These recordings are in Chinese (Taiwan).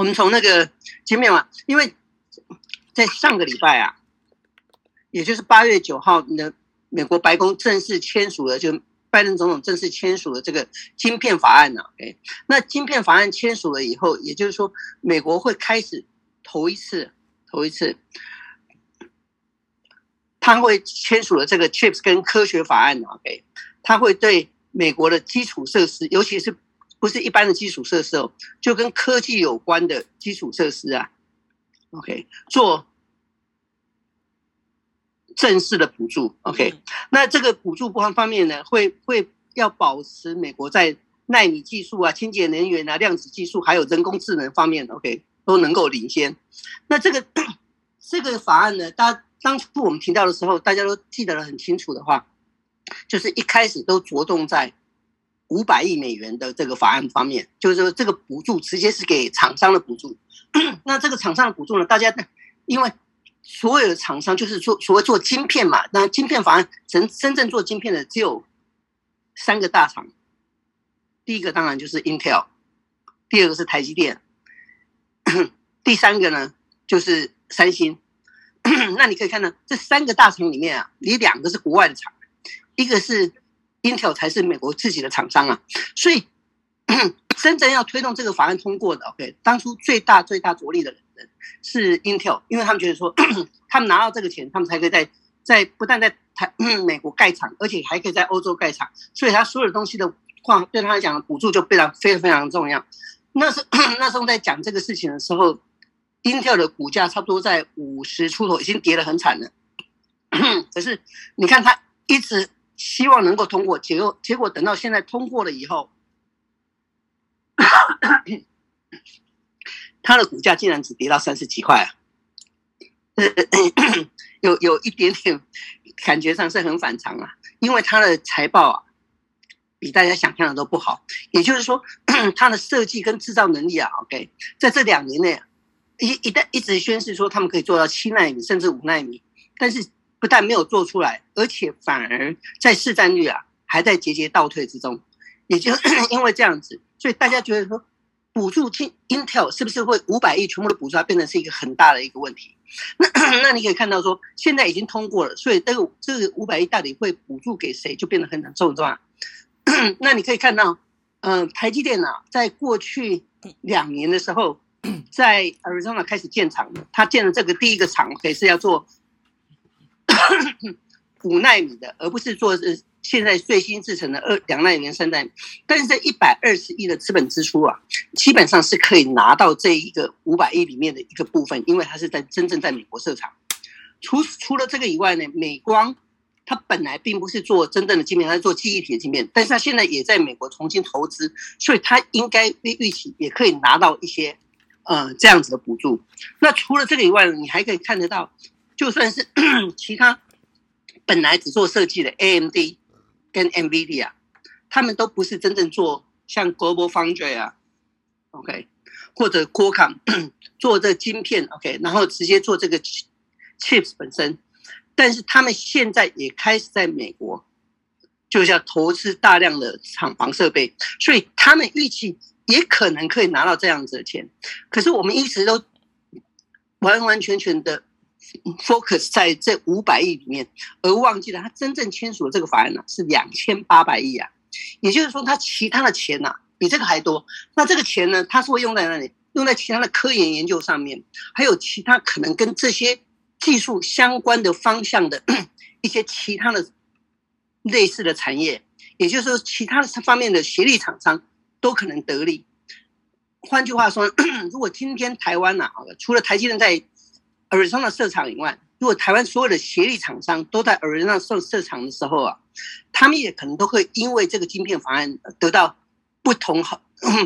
我們從那個前面嘛，因為在上個禮拜啊，也就是八月九號呢，美國白宮正式簽署了，就拜登總統正式簽署了這個晶片法案呢，OK，那晶片法案簽署了以後，也就是說，美國會開始頭一次，頭一次，他會簽署了這個 CHIPS 跟科學法案呢，OK，他會對美國的基礎設施，尤其是。不是一般的基礎設施哦，就跟科技有關的基礎設施啊，OK，做正式的補助，OK，、嗯、那這個補助方方面呢，會會要保持美國在納米技術啊、清潔能源啊、量子技術還有人工智能方面，OK，都能夠領先。那這個這個法案呢，當當初我們提到的時候，大家都記得的很清楚的話，就是一開始都着重在。五百億美元的這個法案方面，就是說這個補助直接是給廠商的補助。那這個廠商的補助呢，大家因為所有的廠商就是做所謂做晶片嘛，那晶片法案真真正做晶片的只有三個大廠。第一個當然就是 Intel，第二個是台積電，第三個呢就是三星。那你可以看到這三個大廠裡面啊，你兩個是國外的廠，一個是。Intel 才是美國自己的廠商啊，所以真正要推動這個法案通過的對、OK，當初最大最大着力的人是 Intel，因為他們覺得說，他們拿到這個錢，他們才可以在在不但在台美國蓋廠，而且還可以在歐洲蓋廠，所以他所有東西的話，對他來講，補助就非常非常非常重要。那時那時候在講這個事情的時候，Intel 的股價差不多在五十出頭，已經跌得很慘了。可是你看，他一直。希望能夠通過，結果結果等到現在通過了以後，他的股價竟然只跌到三十幾塊啊，有有一點點感覺上是很反常啊，因為他的財報啊，比大家想象的都不好，也就是說他的設計跟制造能力啊，OK，在這兩年內啊，一一旦一直宣示說他們可以做到七納米甚至五納米，但是。不但沒有做出來，而且反而在市占率啊還在節節倒退之中。也就因為這樣子，所以大家覺得說，補助進 Intel 是不是會五百億全部都補助它，變成是一個很大的一個問題。那那你可以看到說，現在已經通過了，所以這個這個五百億到底會補助給誰，就變得很難受吧、啊？那你可以看到，嗯、呃，台積電啊，在過去兩年的時候，在 Arizona 開始建廠的，它建了這個第一個廠，可以是要做。五納米的，而不是做現在最新製程的二兩納米、三納米，但是這一百二十億的資本支出啊，基本上是可以拿到這一個五百億裡面的一個部分，因為它是在真正在美國設廠。除除了這個以外呢，美光它本來並不是做真正的晶片，它是做記憶體的晶片，但是它現在也在美國重新投資，所以它應該被預期也可以拿到一些呃這樣子的補助。那除了這個以外呢，你還可以看得到。就算是其他本來只做設計的 AMD 跟 NVIDIA，他們都不是真正做像 Global Foundry 啊，OK，或者 Qualcomm 做這個晶片 OK，然後直接做這個 chips 本身，但是他們現在也開始在美國，就是要投資大量的廠房設備，所以他們預期也可能可以拿到這樣子的錢，可是我們一直都完完全全的。focus 在這五百億裡面，而忘記了他真正簽署的這個法案呢、啊、是兩千八百億啊，也就是說他其他的錢啊，比這個還多。那這個錢呢，他是會用在哪裡？用在其他的科研研究上面，還有其他可能跟這些技術相關的方向的一些其他的類似的產業，也就是說其他的方面的協力廠商都可能得利。換句話說，如果今天台灣啊，好了，除了台積電在 Arizona 的設廠以外，如果台灣所有的協力廠商都在 Arizona 上設設廠的時候啊，他們也可能都會因為這個晶片法案得到不同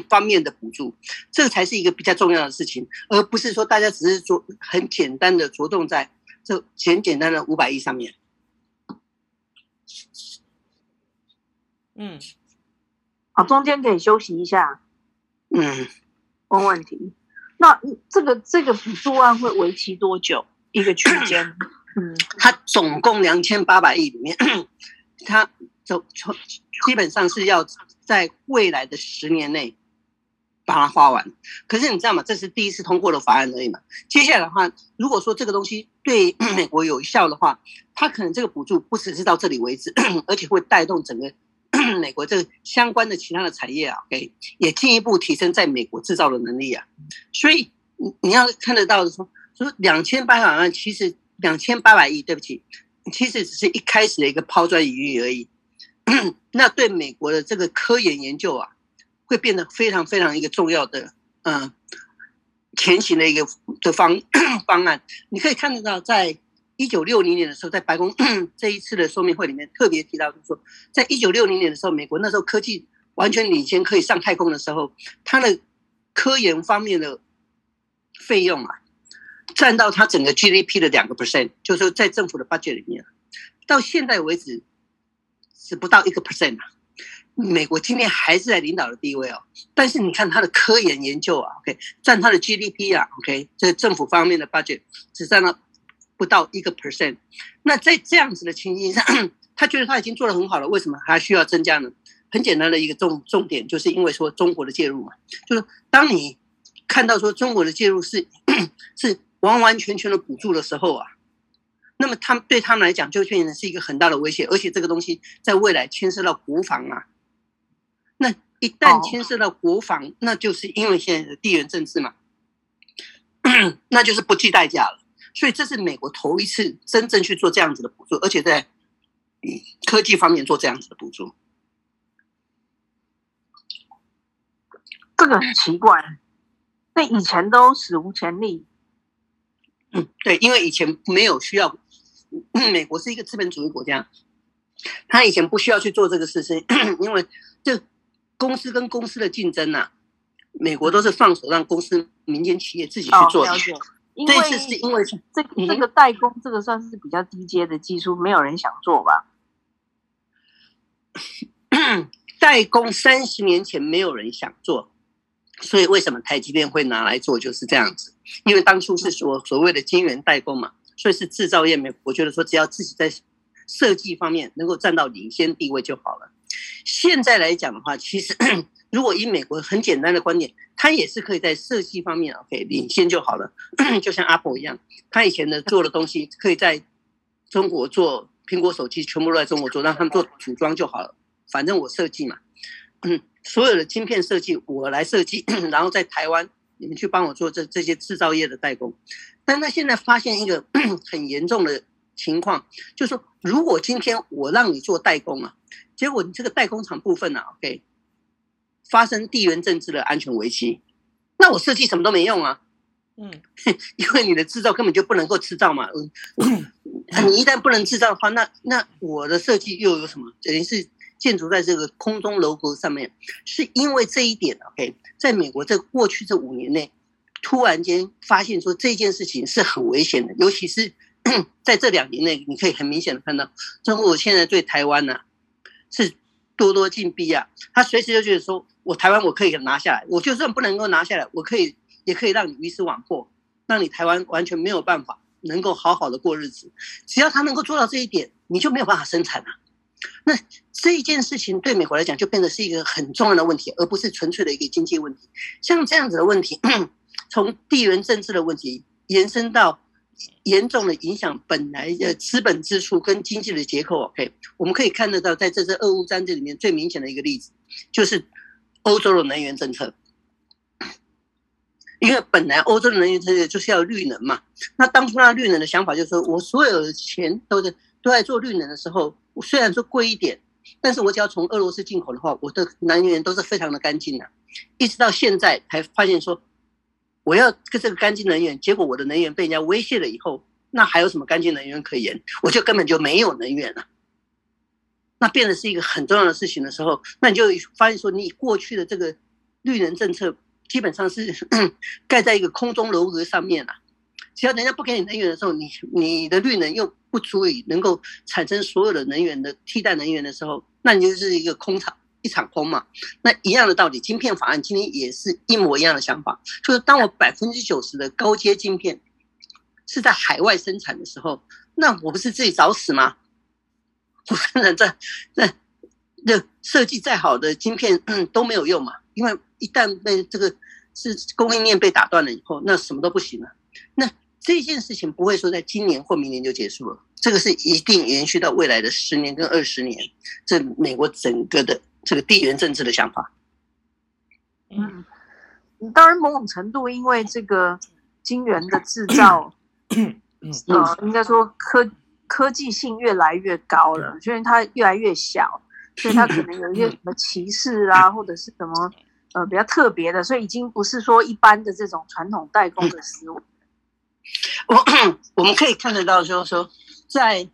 方面的補助，這才是一個比較重要的事情，而不是說大家只是做很簡單的着重在這簡簡單的五百億上面。嗯，好，中間可以休息一下。嗯，問問題。那這個這個補助案會為期多久？一個區間？嗯，它總共兩千八百億裡面，咳咳它就，就基本上是要在未來的十年內把它花完。可是你知道嗎？這是第一次通過的法案而已嘛。接下來的話，如果說這個東西對美國有效的話，它可能這個補助不只是到這裡為止，咳咳而且會帶動整個。美國這個相關的其他的產業啊，給、okay, 也進一步提升在美國制造的能力啊，所以你你要看得到的說說兩千八百萬，其實兩千八百億，對不起，其實只是一開始的一個拋磚引玉而已。 那對美國的這個科研研究啊，會變得非常非常一個重要的嗯、呃、前行的一個的方 方案，你可以看得到在。一九六零年的時候，在白宮 這一次的說明會裡面特別提到，就是說，在一九六零年的時候，美國那時候科技完全領先，可以上太空的時候，它的科研方面的費用啊，占到它整個 GDP 的兩個 percent，就是在政府的 budget 裡面，到現在為止是不到一個 percent 啊。美國今天還是在領導的地位哦，但是你看它的科研研究啊，OK，占它的 GDP 啊，OK，在政府方面的 budget 只占到。不到一個 percent，那在這樣子的情形下，他覺得他已經做得很好了，為什麼還需要增加呢？很簡單的一個重重點，就是因為說中國的介入嘛，就是當你看到說中國的介入是 是完完全全的補助的時候啊，那麼他們對他們來講就變成是一個很大的威脅，而且這個東西在未來牽涉到國防啊，那一旦牽涉到國防、oh.，那就是因為現在的地緣政治嘛， 那就是不計代價了。所以這是美國頭一次真正去做這樣子的補助，而且在科技方面做這樣子的補助，這個很奇怪。那以前都史無前例。嗯，對，因為以前沒有需要，嗯，美國是一個資本主義國家，他以前不需要去做這個事情，因為這公司跟公司的競爭呢，啊，美國都是放手讓公司民間企業自己去做的。哦是因為這是因為這個代工，這個算是比較低階的技術，沒有人想做吧？ 代工三十年前沒有人想做，所以為什麼台積電會拿來做就是這樣子？因為當初是所所謂的晶圓代工嘛，所以是製造業，沒我覺得說，只要自己在設計方面能夠佔到領先地位就好了。現在來講的話，其實。 如果以美國很簡單的觀點，它也是可以在設計方面 OK，領先就好了，就像 Apple 一樣，它以前的做的東西可以在中國做，蘋果手機全部都在中國做，讓他們做組裝就好了，反正我設計嘛、嗯，所有的晶片設計我來設計，然後在台灣你們去幫我做這這些製造業的代工。但它現在發現一個很嚴重的情況，就是說，如果今天我讓你做代工啊，結果你這個代工廠部分呢、啊，OK？發生地緣政治的安全危機，那我設計什麼都沒用啊，嗯，因為你的制造根本就不能夠制造嘛，你一旦不能制造的話，那那我的設計又有什麼？等於是建築在這個空中樓閣上面，是因為這一點。OK，在美國這過去這五年內，突然間發現說這件事情是很危險的，尤其是在這兩年內，你可以很明顯的看到，中國現在對台灣呢、啊、是咄咄進逼啊，他隨時就覺得說。我台灣我可以拿下來，我就算不能夠拿下來，我可以也可以讓你魚死網破，讓你台灣完全沒有辦法能夠好好的過日子。只要他能夠做到這一點，你就沒有辦法生產了、啊。那這一件事情對美國來講就變得是一個很重要的問題，而不是純粹的一個經濟問題。像這樣子的問題，從地緣政治的問題延伸到嚴重的影響本來的資本支出跟經濟的結構、嗯。OK，我們可以看得到，在這次俄烏戰爭裡面最明顯的一個例子就是。歐洲的能源政策，因為本來歐洲的能源政策就是要綠能嘛。那當初那綠能的想法就是說，我所有的錢都是都在做綠能的時候，我雖然說貴一點，但是我只要從俄羅斯進口的話，我的能源都是非常的乾淨的。一直到現在，才發現說，我要這個乾淨能源，結果我的能源被人家威脅了以後，那還有什麼乾淨能源可言？我就根本就沒有能源了、啊。它變得是一個很重要的事情的時候，那你就發現說，你過去的這個綠能政策基本上是蓋 在一個空中樓閣上面了、啊。只要人家不給你能源的時候，你你的綠能又不足以能夠產生所有的能源的替代能源的時候，那你就是一個空場，一場空嘛。那一樣的道理，晶片法案今天也是一模一樣的想法，就是當我百分之九十的高階晶片是在海外生產的時候，那我不是自己找死嗎？無論再那那設計再好的晶片都沒有用嘛，因為一旦被這個是供應鏈被打斷了以後，那什麼都不行了啊。那這件事情不會說在今年或明年就結束了，這個是一定延續到未來的十年跟二十年。這美國整個的這個地緣政治的想法，嗯，當然某種程度因為這個晶圓的制造，嗯，應該說科技。科技性越來越高了，因為它越來越小，所以它可能有一些什麼歧視啊， 或者是什麼呃比較特別的，所以已經不是說一般的這種傳統代工的思維。我 我們可以看得到，就是說在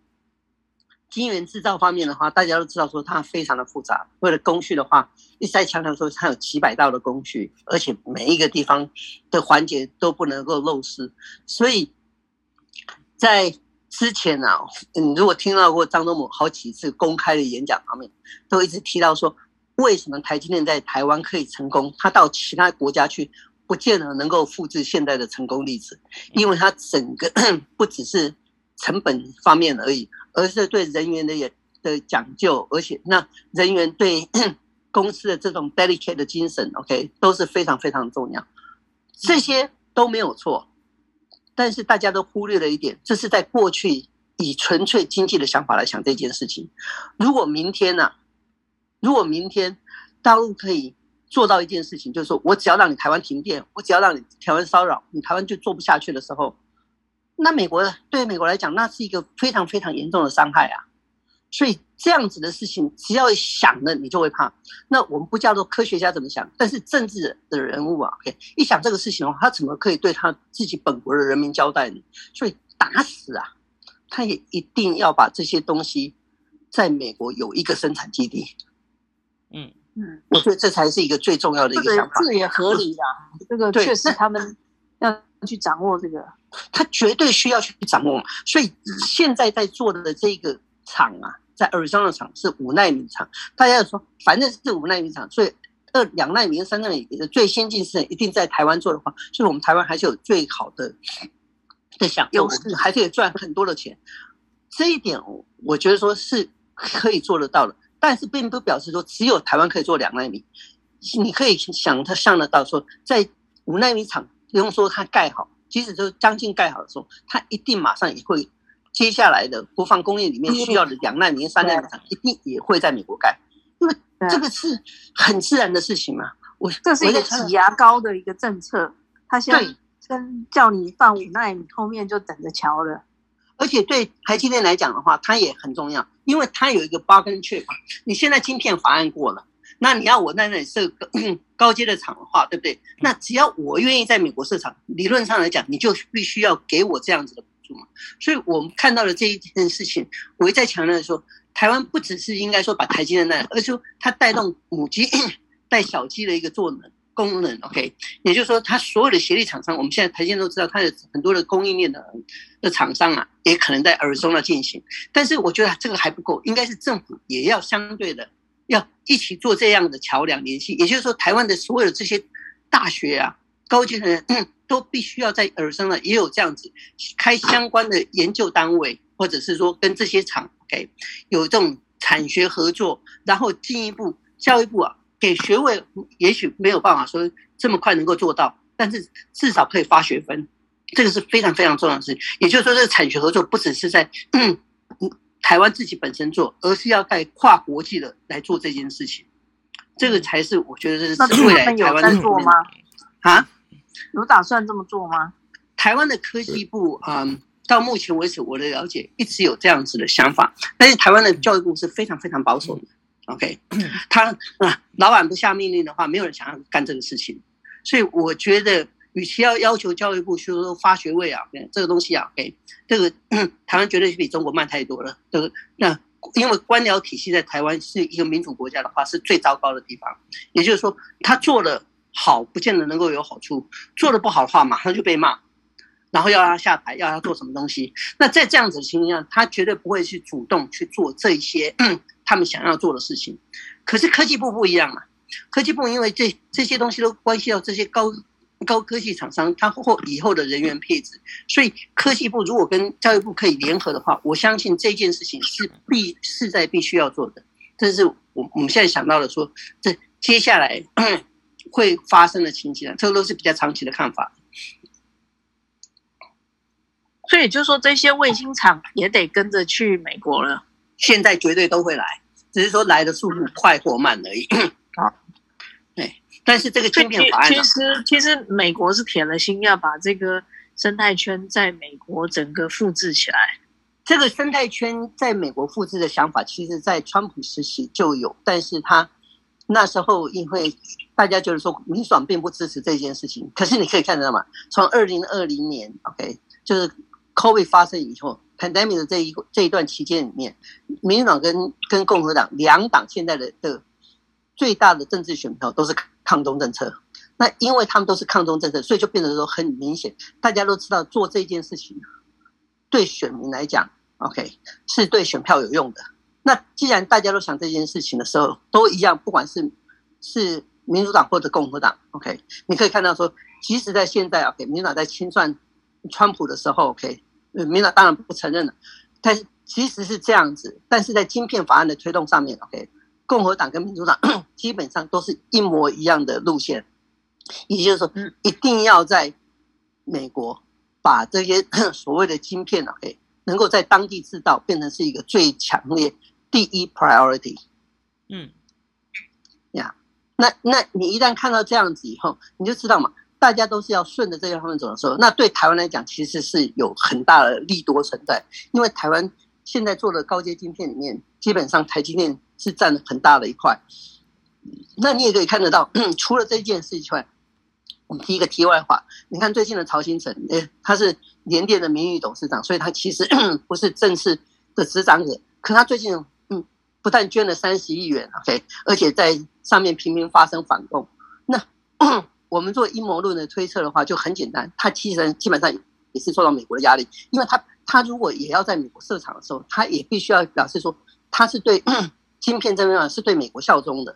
晶圓製造方面的話，大家都知道說它非常的複雜，為了工序的話，一再強調說它有幾百道的工序，而且每一個地方的環節都不能夠漏失，所以在。之前啊，你、嗯、如果聽到過張忠謀好幾次公開的演講方面，都一直提到說，為什麼台積電在台灣可以成功？他到其他國家去，不見得能夠複製現在的成功例子，因為他整個不只是成本方面而已，而是對人員的也的講究，而且那人員對公司的這種 dedicate 的精神，OK 都是非常非常重要，這些都沒有錯。但是大家都忽略了一點，這是在過去以純粹經濟的想法來想這件事情。如果明天呢、啊，如果明天大陸可以做到一件事情，就是說我只要讓你台灣停電，我只要讓你台灣騷擾，你台灣就做不下去的時候，那美國，對美國來講，那是一個非常非常嚴重的傷害啊。所以這樣子的事情，只要想了，你就會怕。那我們不叫做科學家怎麼想，但是政治的人物啊、okay、一想這個事情的話，他怎麼可以對他自己本國的人民交代呢？所以打死啊，他也一定要把這些東西在美國有一個生產基地。嗯嗯，我覺得這才是一個最重要的一個想法。嗯，這，嗯、 這個字也合理的、啊， 這個確實他們要去掌握這個。他絕對需要去掌握，所以現在在做的這個。廠啊，在 Arizona 廠是五納米廠，大家就說，反正是五納米廠，所以二兩納米、三納米的最先進是一定在台灣做的話，所以我們台灣還是有最好的的享是還是可以賺很多的錢。哦。這一點，我覺得說是可以做得到的，但是並不表示說只有台灣可以做兩納米。你可以想，它想得到說，在五納米廠，不用說它蓋好，即使就是將近蓋好的時候，它一定馬上也會。接下來的國防工業裡面需要的兩奈米、三奈米的廠，一定也會在美國蓋，啊，因為這個是很自然的事情嘛，啊啊。我這是一個擠牙膏的一個政策，他現在跟叫你放五奈米，你後面就等着瞧了。而且對台積電來講的話，它也很重要，因為它有一個八根翅膀。你現在晶片法案過了，那你要我在那裡設個高階的廠的話，對不對？那只要我願意在美國設廠，理論上來講，你就必須要給我這樣子的。所以，我們看到了這一件事情，我一再強調說，台灣不只是應該說把台積電那樣，而是說它帶動母雞帶小雞的一個做能功能。OK，也就是說，它所有的協力廠商，我們現在台積電都知道，它的很多的供應鏈的的廠商啊，也可能在耳中了進行。但是，我覺得這個還不夠，應該是政府也要相對的要一起做這樣的橋梁聯繫。也就是說，台灣的所有的這些大學啊。高級的人都必須要在耳生了，也有這樣子開相關的研究單位，或者是說跟這些廠給有這種產學合作，然後進一步教育部啊給學位，也許沒有辦法說這麼快能夠做到，但是至少可以發學分，這個是非常非常重要的事情。也就是說，這個產學合作不只是在台灣自己本身做，而是要在跨國際的來做這件事情，這個才是我覺得是未來台灣在做嗎？啊？有打算這麼做嗎？台灣的科技部啊、嗯，到目前為止我的了解一直有這樣子的想法，但是台灣的教育部是非常非常保守的。嗯、OK，他啊，老闆不下命令的話，沒有人想要幹這個事情。所以我覺得，與其要要求教育部去、就是、說發學位啊，這個東西啊給、欸，這個台灣絕對是比中國慢太多了。這個那，因為官僚體系在台灣是一個民主國家的話，是最糟糕的地方。也就是說，他做了。好，不見得能夠有好處。做得不好的話，馬上就被罵，然後要他下台，要他做什麼東西。那在這樣子的情況下，他絕對不會去主動去做這些他們想要做的事情。可是科技部不一樣嘛，科技部因為這這些東西都關係到這些高高科技廠商，他或以後的人員配置，所以科技部如果跟教育部可以聯合的話，我相信這件事情是必是在必須要做的。這是我我們現在想到的，說這接下來，會發生的情景，這個都是比較長期的看法。所以，就是說這些衛星廠也得跟着去美國了。現在絕對都會來，只是說來的速度快或慢而已。好、嗯， 對。但是這個晶片法案呢，其實其實美國是鐵了心要把這個生態圈在美國整個複製起來。這個生態圈在美國複製的想法，其實，在川普時期就有，但是他。那時候因為大家就是說民主黨並不支持這件事情，可是你可以看得到嘛，從二零二零年，OK，就是 COVID 發生以後，Pandemic 的這一這一段期間裡面，民主黨跟跟共和黨兩黨現在的的最大的政治選票都是抗中政策。那因為他們都是抗中政策，所以就變得說很明顯，大家都知道做這件事情對選民來講，OK，是對選票有用的。那既然大家都想這件事情的時候都一樣，不管是是民主黨或者共和黨，OK，你可以看到說，即使在現在啊，給、OK，民主黨在清算川普的時候，OK，民主黨當然不承認了，但是其實是這樣子。但是在晶片法案的推動上面，OK，共和黨跟民主黨基本上都是一模一樣的路線，也就是說，一定要在美國把這些所謂的晶片啊，OK，能夠在當地制造，變成是一個最強烈。第一 priority，嗯，呀、yeah，那那你一旦看到這樣子以後，你就知道嘛，大家都是要順着這些方面走的時候，那對台灣來講，其實是有很大的利多存在，因為台灣現在做的高階晶片裡面，基本上台積電是占很大的一塊。那你也可以看得到，呵呵，除了這一件事情外，我們提一個題外話，你看最近的曹興誠、欸，他是聯電的名譽董事長，所以他其實呵呵，不是正式的執掌者，可他最近。不但捐了三十億元 okay，而且在上面頻頻發生反共。那我們做陰謀論的推測的話，就很簡單，他其實基本上也是受到美國的壓力，因為他他如果也要在美國設廠的時候，他也必須要表示說他是對晶片這邊啊是對美國效忠的，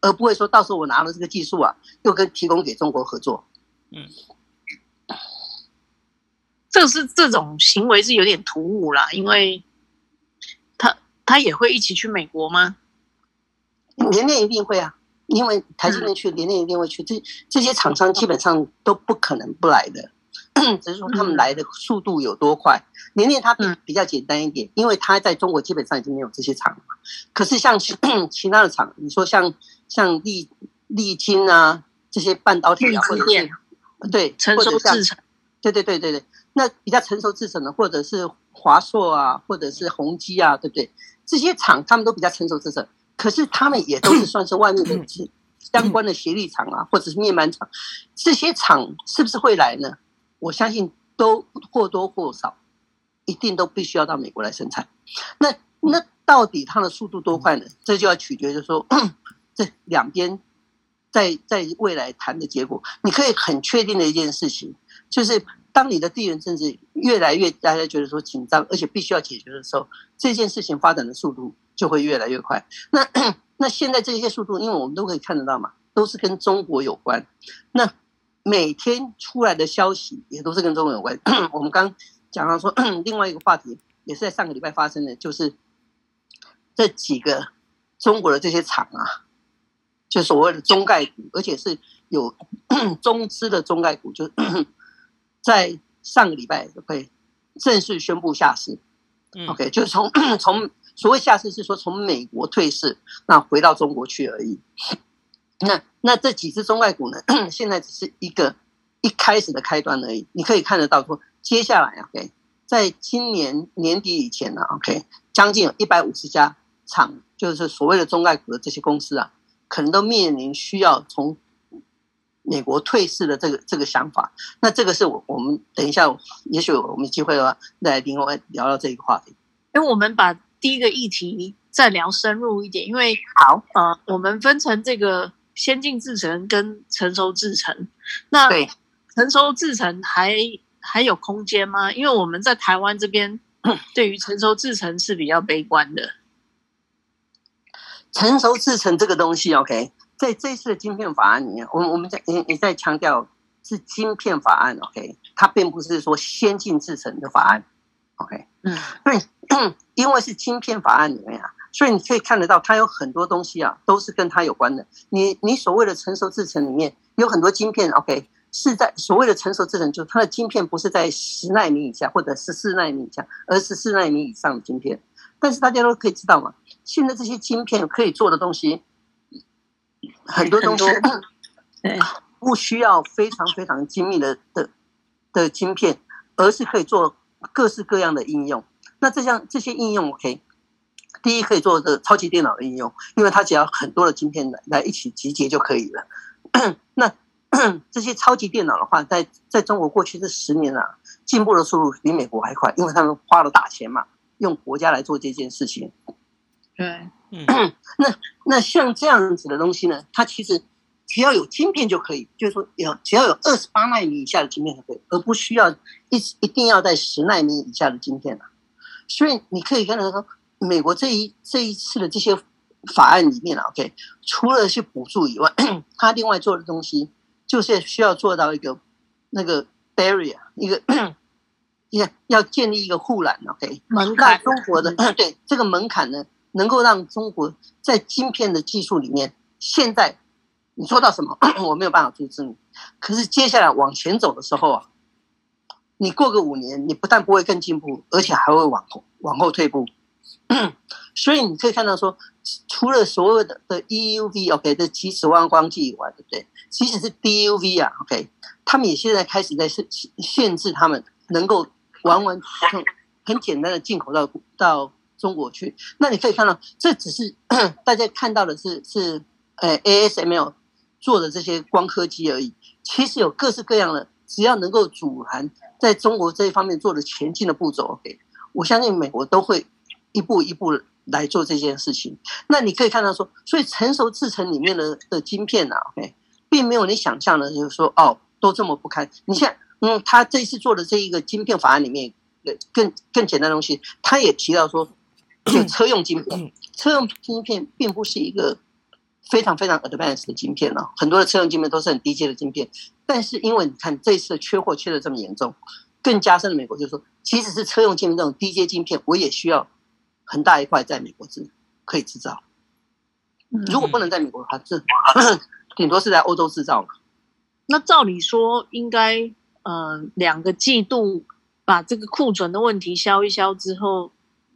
而不會說到時候我拿了這個技術啊，又跟提供給中國合作。嗯，這是這種行為是有點突兀啦，因為。嗯他也會一起去美國嗎？聯電一定會啊，因為台積電去，聯、嗯、電一定會去。這這些廠商基本上都不可能不來的，嗯、只是說他們來的速度有多快。聯、嗯、電它比比較簡單一點，嗯、因為他在中國基本上已經沒有這些廠了。可是像、嗯、其他的廠，你說像像力晶啊這些半導體啊，或者是對成熟製程，對對對對對，那比較成熟製程的，或者是華碩啊，或者是宏基啊，對不對？這些廠他們都比較成熟，特色，可是他們也都是算是外面的相關的協力廠啊，或者是面板廠，這些廠是不是會來呢？我相信都或多或少，一定都必須要到美國來生產。那那到底它的速度多快呢？這就要取決就是說這兩邊在在未來談的結果。你可以很確定的一件事情就是。當你的地緣政治越來越，大家覺得說緊張，而且必須要解決的時候，這件事情發展的速度就會越來越快。那那現在這些速度，因為我們都可以看得到嘛，都是跟中國有關。那每天出來的消息也都是跟中國有關。 我們剛剛講到說，另外一個話題也是在上個禮拜發生的，就是這幾個中國的這些廠啊，就所謂的中概股，而且是有咳咳中資的中概股，就咳咳。是。在上個禮拜就可以正式宣布下市，嗯，OK，就是從從所謂下市是說從美國退市，那回到中國去而已。那那這幾隻中概股呢，現在只是一個一開始的開端而已。你可以看得到說，接下來啊，OK，在今年年底以前呢、啊，OK，將近有一百五十家廠，就是所謂的中概股的這些公司啊，可能都面臨需要從。美國退市的這個這個想法，那這個是我我們等一下，也許我們有機會的話再來另外聊聊這個話題。因為我們把第一個議題再聊深入一點，因為好，呃，我們分成這個先進製程跟成熟製程。那對，成熟製程還還有空間嗎？因為我們在台灣這邊對於成熟製程是比較悲觀的。成熟製程這個東西，OK。在這一次的晶片法案裡面，我我們在一一在強調是晶片法案。OK，它並不是說先進製程的法案。OK，嗯，對，因為是晶片法案裡面啊，所以你可以看得到，它有很多東西啊，都是跟它有關的。你你所謂的成熟製程裡面有很多晶片。OK，是在所謂的成熟製程，就是它的晶片不是在十奈米以下或者十四奈米以下，而是十四奈米以上的晶片。但是大家都可以知道嘛，現在這些晶片可以做的東西。很多東西，不需要非常非常精密的的的晶片，而是可以做各式各樣的應用。那這項這些應用，OK，第一可以做這超級電腦的應用，因為它只要很多的晶片來來一起集結就可以了。那這些超級電腦的話，在在中國過去這十年啊，進步的速度比美國還快，因為他們花了大錢嘛，用國家來做這件事情。對。嗯那，那那像這樣子的東西呢？它其實只要有晶片就可以，就是說有，只要有二十八納米以下的晶片就可以，而不需要一一定要在十納米以下的晶片了，啊。所以你可以看到說，美國這一這一次的這些法案裡面啊對，okay, 除了去補助以外，他另外做的東西就是需要做到一個那個 barrier，一個要要建立一個護欄 o 對，okay, 門檻中國的，嗯、對這個門檻呢？能夠讓中國在晶片的技術裡面，現在你說到什麼， 我沒有辦法阻止你。可是接下來往前走的時候啊，你過個五年，你不但不會更進步，而且還會往後往後退步。所以你可以看到說，除了所有的的 EUV OK 這幾十萬光機以外，對不對？即使是 DUV 啊 OK，他們也現在開始在限限制他們能夠完完全很簡單的進口到到，中國去，那你可以看到，這只是大家看到的是是，呃 ASML 做的這些光刻機而已。其實有各式各樣的，只要能夠阻攔在中國這一方面做的前進的步驟。OK，我相信美國都會一步一步來做這件事情。那你可以看到說，所以成熟制程裡面的的晶片吶啊，OK，並沒有你想象的，就是說哦，都這麼不堪。你像，嗯，他這次做的這一個晶片法案裡面，更更簡單的東西，他也提到說。就車用晶片，車用晶片並不是一個非常非常 advanced 的晶片哦、啊，很多的車用晶片都是很低階的晶片。但是因為你看這一次缺貨缺的這麼嚴重，更加深了美國就是說，即使是車用晶片這種低階晶片，我也需要很大一塊在美國製可以製造。如果不能在美國的話，這頂多是在歐洲製造了。那照理說，應該呃兩個季度把這個庫存的問題消一消之後。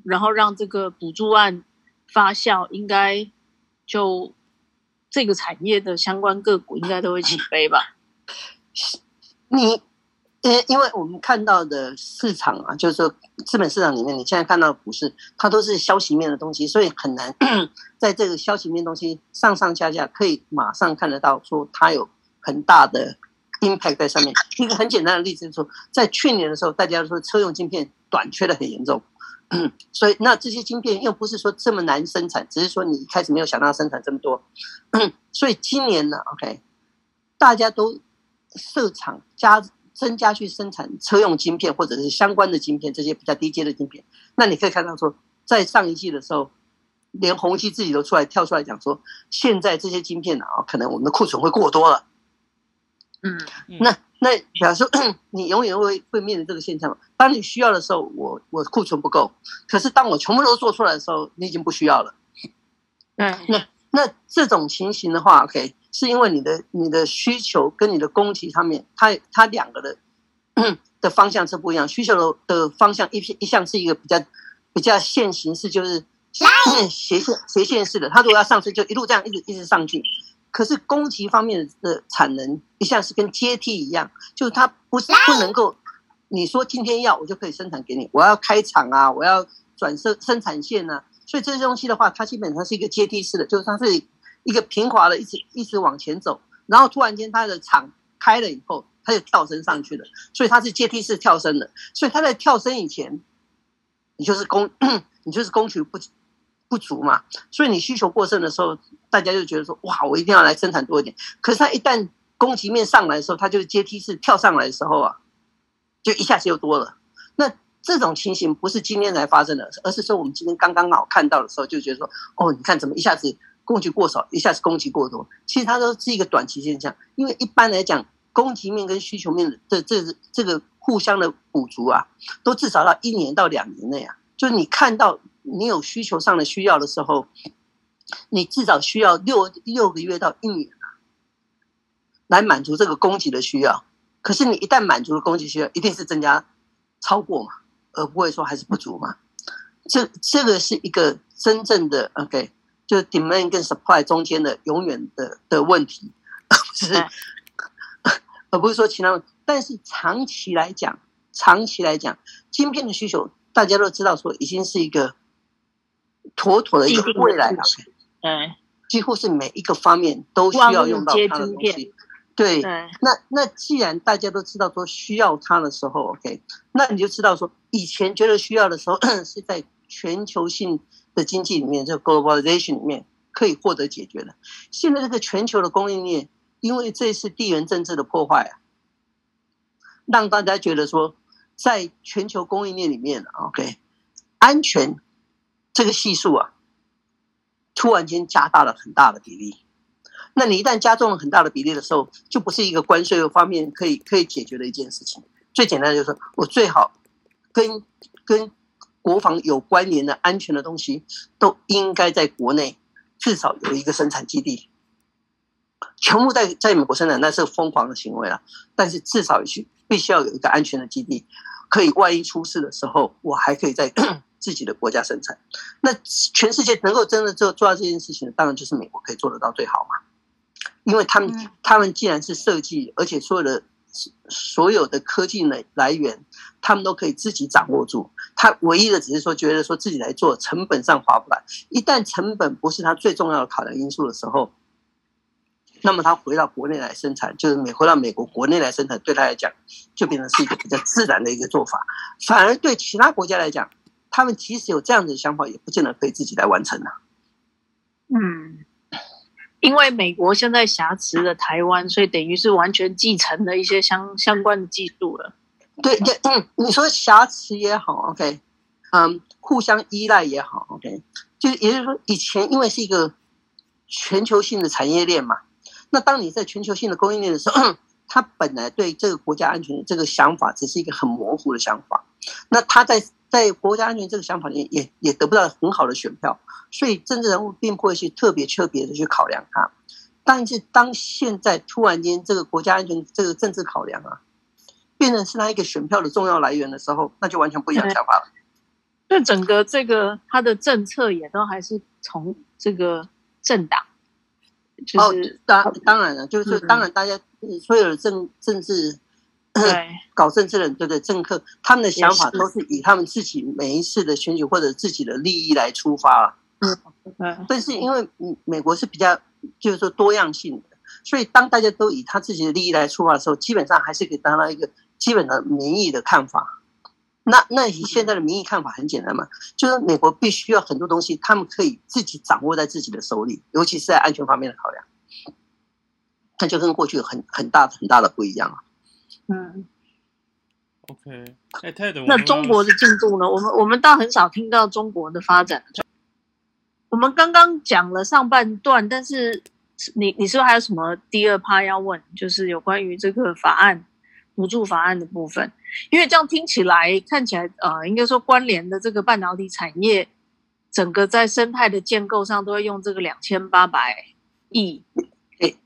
然後讓這個補助案發酵，應該就這個產業的相關個股應該都會起飛吧 ？你呃，因為我們看到的市場啊，就是說資本市場裡面，你現在看到的股市，它都是消息面的東西，所以很難在這個消息面東西上上下下可以馬上看得到說它有很大的 impact 在上面。一個很簡單的例子就是說，在去年的時候，大家說車用晶片短缺的很嚴重。嗯， 所以，那這些晶片又不是說這麼難生產，只是說你一開始沒有想到生產這麼多。嗯， 所以今年呢，OK，大家都設廠加增加去生產車用晶片或者是相關的晶片，這些比較低階的晶片。那你可以看到說，在上一季的時候，連宏碁自己都出來跳出來講說，現在這些晶片啊，可能我們的庫存會過多了。嗯，嗯那。那假如說你永遠會會面臨這個現象，當你需要的時候，我我庫存不夠，可是當我全部都做出來的時候，你已經不需要了。嗯，那那這種情形的話，OK，是因為你的你的需求跟你的供給上面，它它兩個的的方向是不一樣。需求的方向一一向是一個比較比較線型式，就是、嗯、斜線斜線式的。它如果要上去就一路這樣一直一直上去。可是供給方面的產能一向是跟階梯一樣，就是它不是不能夠，你說今天要我就可以生產給你，我要開廠啊，我要轉生生產線啊，所以這些東西的話，它基本上是一個階梯式的，就是它是一個平滑的一直一直往前走，然後突然間它的廠開了以後，它就跳升上去了，所以它是階梯式跳升的，所以它在跳升以前，你就是供 你就是供求不不足嘛，所以你需求過剩的時候。大家就覺得說，哇，我一定要來生產多一點。可是它一旦供給面上來的時候，它就是階梯式跳上來的時候啊，就一下子又多了。那這種情形不是今天才發生的，而是說我們今天剛剛好看到的時候，就覺得說，哦，你看怎麼一下子供給過少，一下子供給過多。其實它都是一個短期現象，因為一般來講，供給面跟需求面的這個、這這個互相的補足啊，都至少到一年到兩年內啊，就你看到你有需求上的需要的時候。你至少需要六六個月到一年來滿足這個供給的需要。可是你一旦滿足了供給需要，一定是增加超過嘛，而不會說還是不足嘛。這這這個是一個真正的 OK，就是 demand 跟 supply 中間的永遠的的問題，而 不是、哎、而不是說其他問題。但是長期來講，長期來講，晶片的需求大家都知道，說已經是一個妥妥的一個未來了。Okay? 對，幾乎是每一個方面都需要用到它的東西。對，那那既然大家都知道說需要它的時候，OK，那你就知道說以前覺得需要的時候是在全球性的經濟裡面，這個 globalization 裡面可以獲得解決的。現在這個全球的供應鏈，因為這次地緣政治的破壞啊，讓大家覺得說在全球供應鏈裡面，OK，安全這個係數啊。突然間加大了很大的比例，那你一旦加重了很大的比例的時候，就不是一個關稅方面可以可以解決的一件事情。最簡單的就是說，我最好跟跟國防有關聯的安全的東西，都應該在國內至少有一個生產基地，全部在在美國生產，那是瘋狂的行為了啊。但是至少必須必須要有一個安全的基地，可以萬一出事的時候，我還可以在。 自己的國家生產，那全世界能夠真的做做到這件事情，當然就是美國可以做得到最好嘛，因為他們他們既然是設計，而且所有的所有的科技來來源，他們都可以自己掌握住。他唯一的只是說覺得說自己來做，成本上划不來。一旦成本不是他最重要的考量因素的時候，那麼他回到國內來生產，就是美回到美國國內來生產，對他來講就變成是一個比較自然的一個做法。反而對其他國家來講，他們即使有這樣的想法，也不見得可以自己來完成呢、啊。嗯，因為美國現在挾持了台灣，所以等於是完全繼承了一些相相關的技術了。對，嗯，你說挾持也好，OK，嗯，互相依賴也好，OK，就也就是說，以前因為是一個全球性的產業鏈嘛，那當你在全球性的供應鏈的時候，他本來對這個國家安全這個想法，只是一個很模糊的想法，那他在。在國家安全這個想法裡也，也也得不到很好的選票，所以政治人物並不會去特別特別的去考量它。但是，當現在突然間這個國家安全這個政治考量啊，變成是他一個選票的重要來源的時候，那就完全不一樣想法了。那、嗯、整個這個他的政策也都還是從這個政黨、就是，哦，當當然了，就是嗯嗯當然大家所有的政政治。對、嗯，搞政治的人，對對，政客他們的想法都是以他們自己每一次的選舉或者自己的利益來出發了。嗯嗯，但是因為美國是比較，就是說多樣性的，所以當大家都以他自己的利益來出發的時候，基本上還是可以達到一個基本的民意的看法那。那那以現在的民意看法很簡單嘛，就是美國必須要很多東西，他們可以自己掌握在自己的手裡，尤其是在安全方面的考量，那就跟過去很很大很大的不一樣了、啊。嗯，OK，、欸、那中國的進度呢？ 我們我們倒很少聽到中國的發展。我們剛剛講了上半段，但是你你是不是還有什麼第二趴要問？就是有關於這個法案、補助法案的部分，因為這樣聽起來看起來，呃，應該說關聯的這個半導體產業，整個在生態的建構上，都會用這個兩千八百億，對，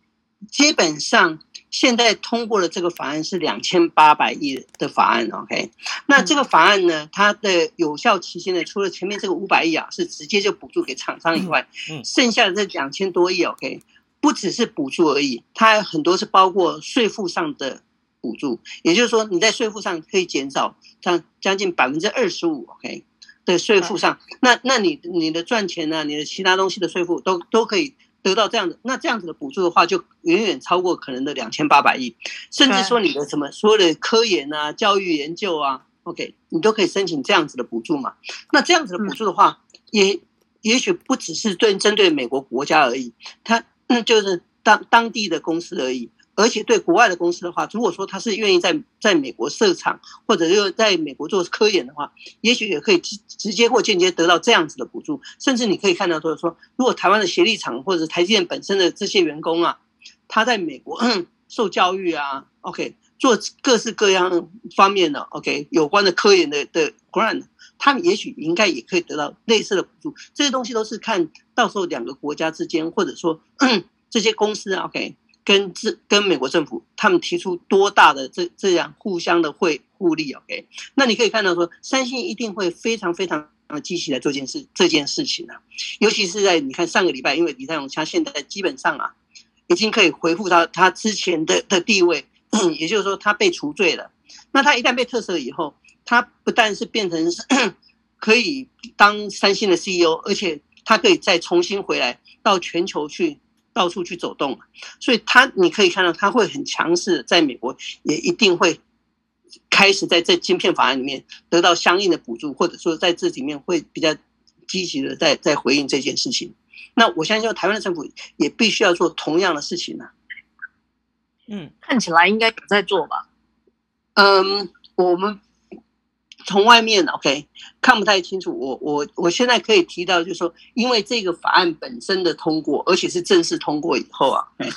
基本上。現在通過的這個法案是兩千八百億的法案，OK。那這個法案呢，它的有效期限呢，除了前面這個五百億啊，是直接就補助給廠商以外，嗯，剩下的這兩千多億，OK，不只是補助而已，它還很多是包括稅負上的補助，也就是說，你在稅負上可以減少將將近百分之二十五，OK 的稅負上，那那你你的賺錢呢、啊，你的其他東西的稅負都都可以。得到這樣子，那這樣子的補助的話，就遠遠超過可能的兩千八百億，甚至說你的什麼所有的科研啊、教育研究啊，OK，你都可以申請這樣子的補助嘛。那這樣子的補助的話，也也許不只是對針對美國國家而已，它那、嗯、就是當當地的公司而已。而且對國外的公司的話，如果說他是願意在在美國設廠，或者又在美國做科研的話，也許也可以直直接或間接得到這樣子的補助。甚至你可以看到，就是說，如果台灣的協力廠或者台積電本身的這些員工啊，他在美國受教育啊，OK，做各式各樣方面的、啊、OK 有關的科研的的 grant，他們也許應該也可以得到類似的補助。這些東西都是看到時候兩個國家之間，或者說這些公司、啊，OK。跟這跟美國政府，他們提出多大的這這樣互相的會互利？OK，那你可以看到說，三星一定會非常非常那積極來做件事這件事情呢、啊，尤其是在你看上個禮拜，因為李在鎔他現在基本上啊，已經可以回復到他之前的的地位， 也就是說他被除罪了。那他一旦被特赦以後，他不但是變成 可以當三星的 CEO，而且他可以再重新回來到全球去。到處去走動，所以他你可以看到他會很強勢，在美國也一定會開始在這晶片法案裡面得到相應的補助，或者說在這裡面會比較積極的在在回應這件事情。那我相信台灣的政府也必須要做同樣的事情呢、啊。嗯，看起來應該也在做吧。嗯，我們。從外面 OK 看不太清楚，我我我現在可以提到，就是說，因為這個法案本身的通過，而且是正式通過以後啊，欸、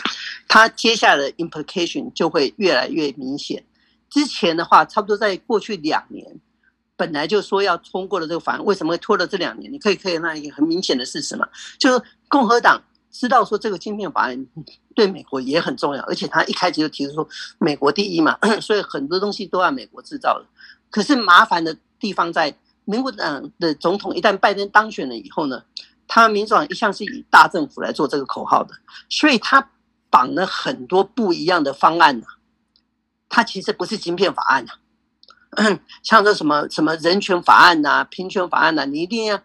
它接下來的 implication 就會越來越明顯。之前的話，差不多在過去兩年，本來就說要通過的這個法案，為什麼會拖了這兩年？你可以可以看那一個很明顯的事實嘛，就是共和黨知道說這個晶片法案對美國也很重要，而且他一開始就提出說美國第一嘛，所以很多東西都要美國製造的。可是麻煩的地方在民國黨的總統一旦拜登當選了以後呢，他民主黨一向是以大政府來做這個口號的，所以他綁了很多不一樣的方案呢、啊，他其實不是晶片法案吶、啊，像這什麼什麼人權法案吶、啊、平權法案吶、啊，你一定要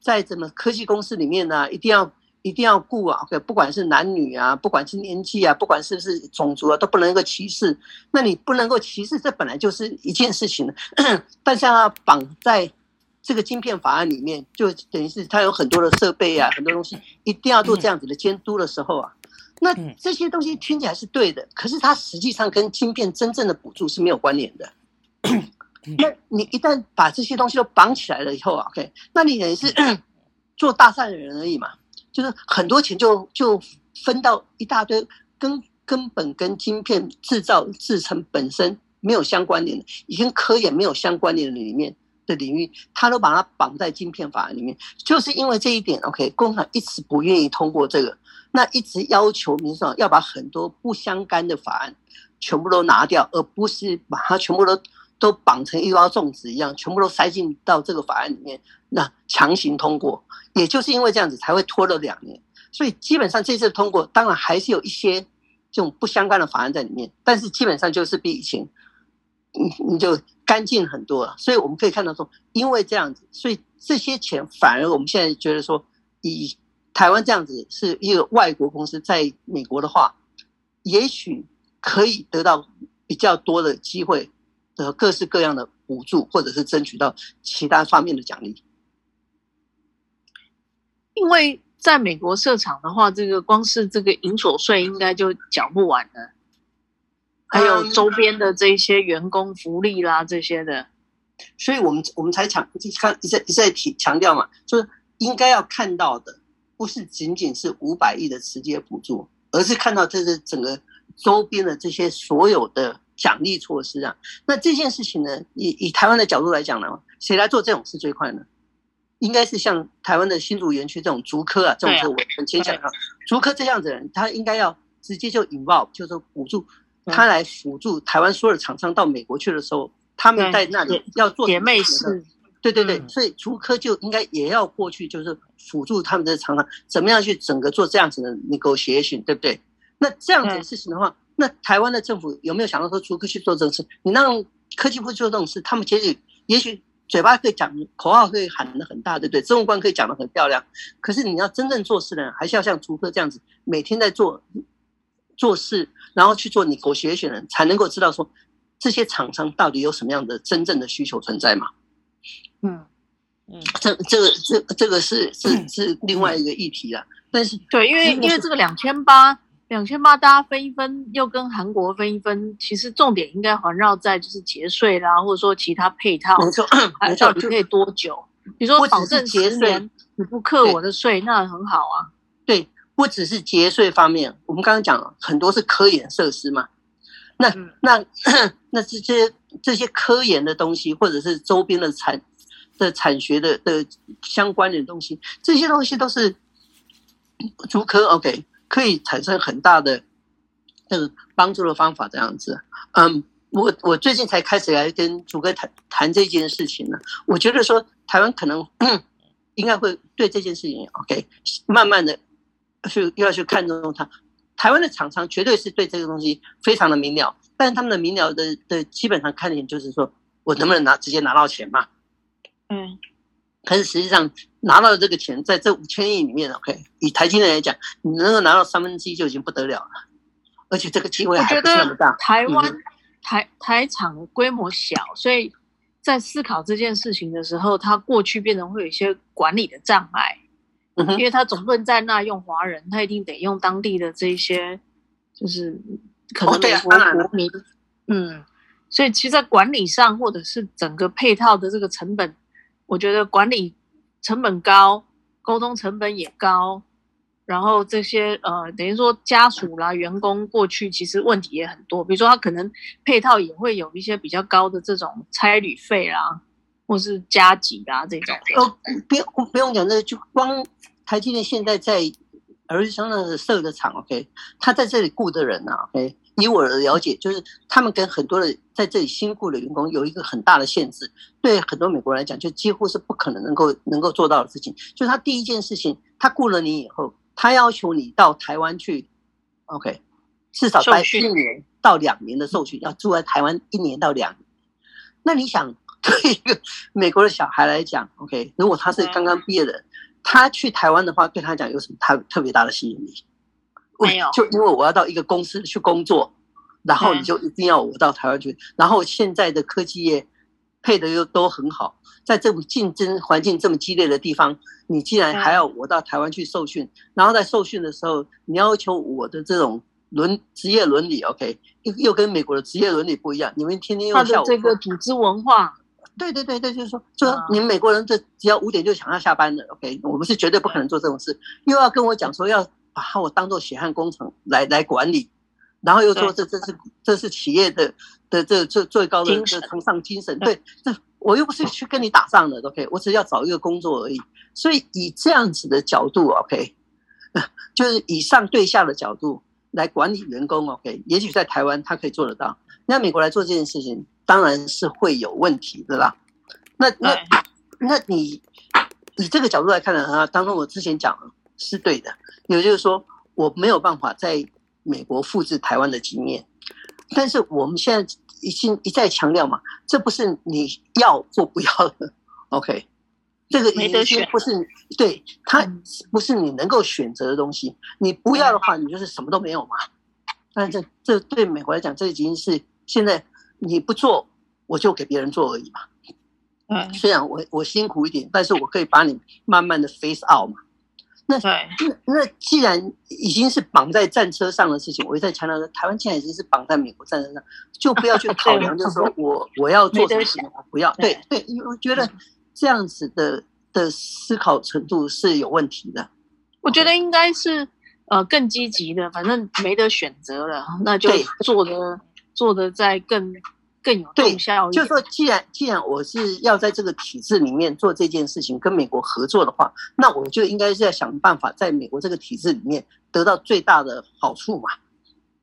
在什麼科技公司裡面呢、啊，一定要。一定要雇啊，OK，不管是男女啊，不管是年紀啊，不管是不是種族啊，都不能夠歧視。那你不能夠歧視，這本來就是一件事情了。但是它綁在這個晶片法案裡面，就等於是它有很多的設備啊，很多東西一定要做這樣子的監督的時候啊，那這些東西聽起來是對的，可是它實際上跟晶片真正的補助是沒有關聯的。那你一旦把這些東西都綁起來了以後啊，OK，那你等於是做大善人而已嘛。就是很多錢就就分到一大堆，跟根本跟晶片製造製程本身沒有相關聯的，也跟科研沒有相關聯的裡面的領域，他都把它綁在晶片法案裡面，就是因為這一點，OK，共和黨一直不願意通過這個，那一直要求民主黨要把很多不相干的法案全部都拿掉，而不是把它全部都。都綁成一包粽子一樣，全部都塞進到這個法案裡面，那強行通過，也就是因為這樣子才會拖了兩年。所以基本上這次通過，當然還是有一些這種不相關的法案在裡面，但是基本上就是比以前，你你就乾淨很多了。所以我們可以看到說，因為這樣子，所以這些錢反而我們現在覺得說，以台灣這樣子是一個外國公司在美國的話，也許可以得到比較多的機會，和各式各樣的補助，或者是爭取到其他方面的獎勵，因為在美國設廠的話，這個光是這個營所稅應該就繳不完了，還有周邊的這些員工福利啦、嗯、這些的，所以我們我們才強一再一再提強調嘛，就是應該要看到的，不是僅僅是五百億的直接補助，而是看到這個整個周邊的這些所有的。獎勵措施啊，那這件事情呢，以以台灣的角度來講呢，誰來做這種事最快呢？應該是像台灣的新竹園區這種竹科啊，啊這種我很先講啊，竹科這樣子的人，他應該要直接就 involve，就是輔助他來輔助台灣所有的廠商到美國去的時候，他們在那裡要做姐妹的，對對對、嗯，所以竹科就應該也要過去，就是輔助他們的廠商怎麼樣去整個做這樣子的 negotiation，對不對？那這樣子的事情的話。那台灣的政府有沒有想到說竹科去做這件事？你讓科技部去做這種事，他們其實也許嘴巴可以講，口號可以喊得很大，對不對？政觀可以講得很漂亮，可是你要真正做事的人，還是要像竹科這樣子，每天在做做事，然後去做你學血的人，才能夠知道說這些廠商到底有什麼樣的真正的需求存在嘛、嗯？嗯嗯，這這個這這個是是是另外一個議題了、嗯嗯。但是對，因為因為這個兩千八。兩千八，大家分一分，又跟韓國分一分，其實重點應該環繞在就是節稅啦，或者說其他配套。沒錯、啊，到底你可以多久？你說保證節稅，你不課我的稅，那很好啊。對，不只是節稅方面，我們剛剛講了很多是科研設施嘛，那、嗯、那那這些這些科研的東西，或者是周邊的產的產學的的相關的東西，這些東西都是足科。OK。可以產生很大的那個幫助的方法，這樣子。嗯，um，我我最近才開始來跟祖哥談談這件事情呢。我覺得說台灣可能應該會對這件事情 OK，慢慢的去又要去看中它。台灣的廠商絕對是對這個東西非常的明了，但是他們的明了的的基本上看點就是說我能不能拿直接拿到錢嘛？嗯。可是實際上拿到這個錢，在這五千億裡面，OK，以台積電來講，你能夠拿到三分之一就已經不得了了，而且這個機會還很大。我覺得台灣、嗯、台台廠規模小，所以在思考這件事情的時候，它過去變成會有一些管理的障礙。嗯、因為它總不能在那用華人，它一定得用當地的這些，就是可能對，國國民、哦啊啊啊啊。嗯，所以其實在管理上，或者是整個配套的這個成本。我覺得管理成本高，溝通成本也高，然後這些呃，等於說家屬啦、員工過去其實問題也很多。比如說他可能配套也會有一些比較高的這種差旅費啦，或是加急啊這種。哦，不不用講、這個，這就光台積電現在在亞利桑那設的廠，OK，他在這裡雇的人啊，OK。以我的了解，就是他們跟很多的在這裡新雇的員工有一個很大的限制，對很多美國人來講，就幾乎是不可能能夠能夠做到的事情。就是他第一件事情，他雇了你以後，他要求你到台灣去，OK，至少在一年到兩年的受訓，要住在台灣一年到兩年。那你想，對一個美國的小孩來講，OK，如果他是剛剛畢業的，他去台灣的話，對他講有什麼他特別大的吸引力？沒有，就因為我要到一個公司去工作，然後你就一定要我到台灣去。然後現在的科技業配的又都很好，在這種競爭環境這麼激烈的地方，你竟然還要我到台灣去受訓。然後在受訓的時候，你要求我的這種倫職業倫理，OK，又又跟美國的職業倫理不一樣。你們天天他的這個組織文化，對對對對，就是說、啊，就你們美國人這只要五點就想要下班了，OK，我們是絕對不可能做這種事，又要跟我講說要。把我當做血汗工廠來來管理，然後又說這這是這是企業的的這最最高的這個崇尚精神。對，這我又不是去跟你打仗的，OK，我只要找一個工作而已。所以以這樣子的角度，OK，就是以上對下的角度來管理員工，OK，也許在台灣他可以做得到，那美國來做這件事情當然是會有問題的啦。那那那你以這個角度來看的、啊、話，當然我之前講了。是對的，也就是說我沒有辦法在美國複製台灣的經驗，但是我們現在已經一再強調嘛，這不是你要或不要的。OK，這個已經不是，對，他不是你能夠選擇的東西、嗯，你不要的話，你就是什麼都沒有嘛。但是這，這對美國來講，這已經是現在你不做我就給別人做而已嘛。嗯，雖然我我辛苦一點，但是我可以把你慢慢的 face out 嘛。那那，那既然已經是綁在戰車上的事情，我也在強調說，台灣現在已經是綁在美國戰車上，就不要去考量，就 說、啊，我我要做什麼，不要。對對，對，因為我覺得這樣子的的思考程度是有問題的。我覺得應該是呃更積極的，反正沒得選擇了，那就做的做的再更。更有成效。對，就說既然既然我是要在這個體制裡面做這件事情，跟美國合作的話，那我就應該是在想辦法，在美國這個體制裡面得到最大的好處嘛。